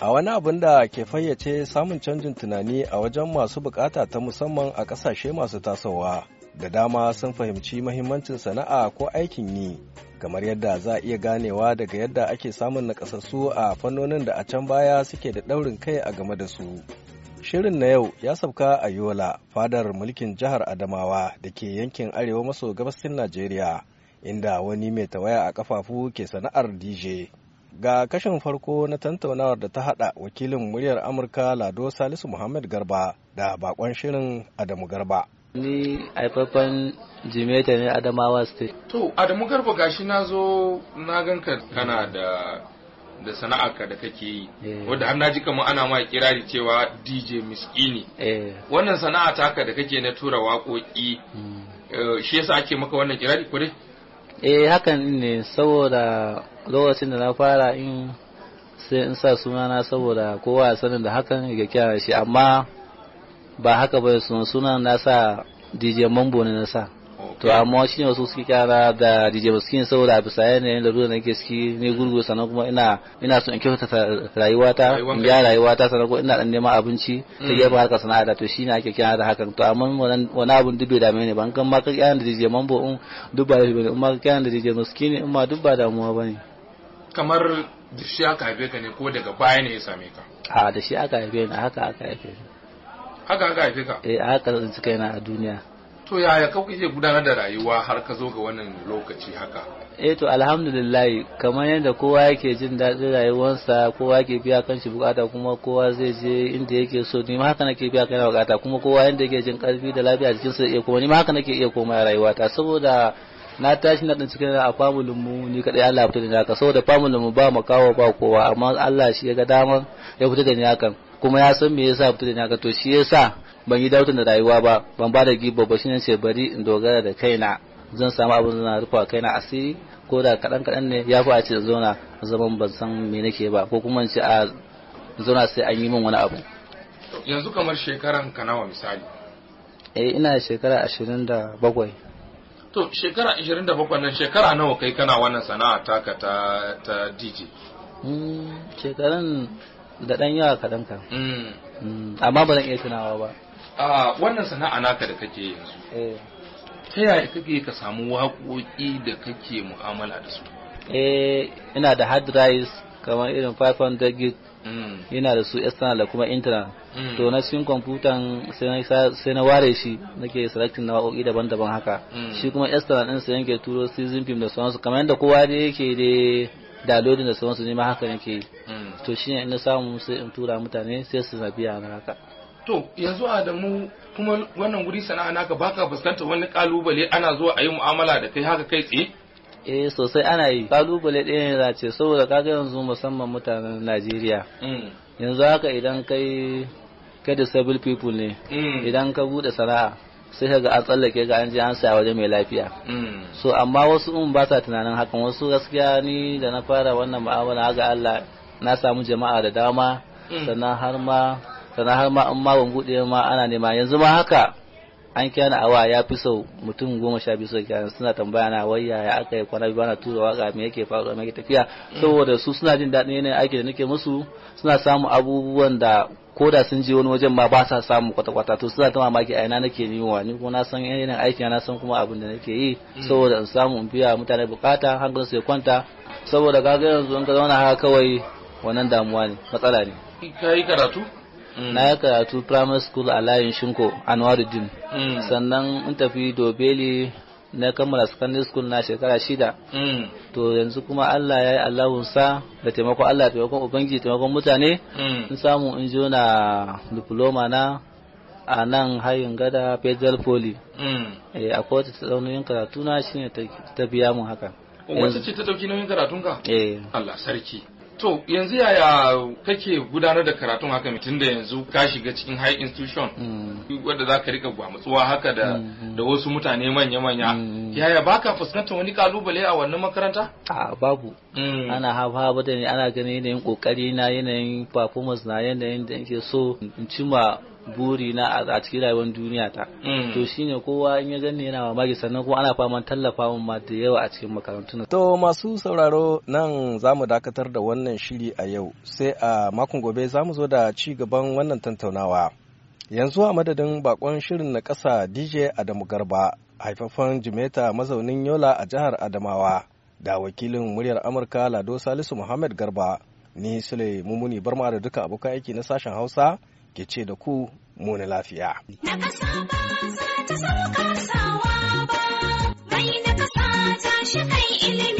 a wani abin da ke fayyace samun canjin tunani a wajen masu bukata ta musamman a kasashe masu tasowa da dama sun fahimci mahimmancin sana'a ko aikin yi kamar yadda za a iya ganewa daga yadda ake samun nakasassu a fannonin da a can baya suke da daurin kai a game da su shirin na yau ya sauka a yola fadar mulkin jihar adamawa da ke yankin arewa maso gabasin najeriya inda wani mai tawaya a kafafu ke sana'ar dj Ga kashin farko na tantaunawar da ta hada wakilin muryar Amurka Lado Salisu Muhammad Garba da bakon shirin Adamu Garba. Ni haifafan Jimeta ne Adamawa State. To, Adamu Garba gashi na zo na ganka kana da da sana'arka da kake yi eh. wadda har naji kamar ana ma kirari cewa DJ Miskini eh. wannan sana'a taka da kake na tura waƙoƙi hmm. eh, shi yasa ake maka wannan kirari ko dai eh hakan ne saboda lokacin da na fara in sai in sa sunana saboda kowa a sanin da hakan ga kyara shi amma ba haka ba sun suna na sa DJ Mambo ne na sa to amma shi ne wasu suke kyara da DJ Muskin saboda a bisa yanayin da ruwan nake ciki ne gurgu sannan kuma ina ina son in kyautata rayuwata in ga rayuwata sannan kuma ina dan neman abinci ta gefe mm. harka sana'a da to shi ne ake kyara da hakan to amma wani abun dubbe da dame ne ba kan ma ka kyara da DJ Mambo in duk ba da in ma ka kyara da DJ Muskin in ma duk ba damuwa bane kamar da shi aka haife ka ne ko daga baya ne ya same ka a da shi aka haife ni haka aka haife ni haka aka haife ka eh haka tsinci kaina a duniya to yaya ka kuke gudanar da rayuwa har ka zo ga wannan lokaci haka eh to alhamdulillah kamar yadda kowa yake jin daɗin rayuwarsa kowa yake biya kanshi bukata kuma kowa zai je inda yake so ni ma haka nake biya kaina bukata kuma kowa yadda yake jin karfi da lafiya jikinsa iya kuma ni ma haka nake iya komai a rayuwata saboda na tashi na dan cikin a famulin mu ni kadai Allah ya fita da naka saboda famulin mu ba kawo ba kowa amma Allah shi ya ga dama ya fita da ni kuma ya san me yasa fita da ni to shi yasa ban yi dautin da rayuwa ba ban ba da gibba ba shine ce bari in dogara da kaina zan samu abin da na rufa kaina asiri ko da kadan kadan ne ya fi a ce zauna zaman ban san me nake ba ko kuma in ce a zauna sai an yi min wani abu yanzu kamar shekaran ka nawa misali eh ina shekara 27 to shekara 27 nan shekara nawa kai kana wannan sana'a taka ta ta DJ hmm, shekaran da dan yawa kadan kan hmm. Hmm, amma ba zan iya tunawa ba a wannan sana'a naka da kake yanzu eh. ta yaya kake ka samu waƙoƙi da kake mu'amala da su eh ina da hard drives kamar irin 500 gig yana da su external da kuma internal mm. to na cikin kwamfutan sai na ware shi nake selecting na waƙoƙi daban-daban haka mm. shi kuma external din sai yanke turo season film da sauransu kamar yadda kowa da yake da downloading da sauransu ne ma haka yake mm. to shi ne na samu sai in tura mutane sai su biya na haka to yanzu Adamu kuma wannan guri sana'a naka baka fuskantar wani kalubale ana zuwa a yi mu'amala da kai haka kai tsaye eh sosai ana yi kalubale ɗaya ne ce saboda kaga yanzu musamman mutanen najeriya mm. yanzu haka idan kai ka disabled people ne mm. idan ka bude sana'a sai ga an tsallake ga an je an saya waje mai lafiya mm. so amma wasu in ba sa tunanin hakan wasu gaskiya ni da na fara wannan mu'amala ga Allah na samu jama'a da dama sannan har ma sannan har ma in ma ban ma ana nema yanzu ma haka an kira awa ya fi sau mutum goma sha biyu kira suna tambaya na wai yaya aka yi kwana biyu ana tura waka me yake faruwa me yake tafiya saboda su suna jin daɗin yanayin aiki da nake musu suna samu abubuwan da ko da sun je wani wajen ma ba sa samu kwata-kwata to suna ta mamaki a ina nake niwa ni kuma na san yanayin aiki na san kuma abin da nake yi mm. saboda in samu in biya mutane bukata hankali su ya kwanta saboda ga yanzu in ka zauna haka kawai wannan damuwa ne matsala ne kai karatu Mm. na yi karatu primary school a layin shinko din. Mm. sannan in tafi dobeli na kammala secondary school na shekara shida mm. to yanzu kuma Allah ya yi Allahunsa da taimakon Allah taimakon ubangiji taimakon mutane in samu in ji na diploma na a nan hayin gada federal poly eh, a kowace ta tsaunoyin karatu na shine ta biya mun haka wacce ce ta dauki nauyin karatunka? eh Allah sarki To yanzu yaya kake gudanar da karatun haka mutum da yanzu ka shiga cikin high institution mm. wadda za ka rika gwamutsuwa haka mm-hmm. da wasu mutane manya-manya. Mm-hmm. Yaya baka fuskantar wani kalubale a wannan makaranta? A babu. Mm. Ana hafa da ne ana ganin yanayin kokari na yanayin performance na yanayin da yake so in cima buri na a cikin rayuwar duniya ta mm. to shine kowa in ya gani yana mamaki sannan kuma ana fama tallafa mun ma da yawa a cikin makarantun to masu sauraro nan zamu dakatar da wannan shiri a yau sai a makon gobe zamu zo da ci gaban wannan tattaunawa yanzu a madadin bakon shirin na ƙasa dj adamu garba haifafan jimeta mazaunin yola a jihar adamawa da wakilin muryar amurka lado salisu muhammad garba ni sule mumuni barma da duka abokan aiki na sashen hausa ke ce da ku muna lafiya. Na ƙasa ba za ta sauka sawa ba, mai na ƙasa ta shi kai ilimi.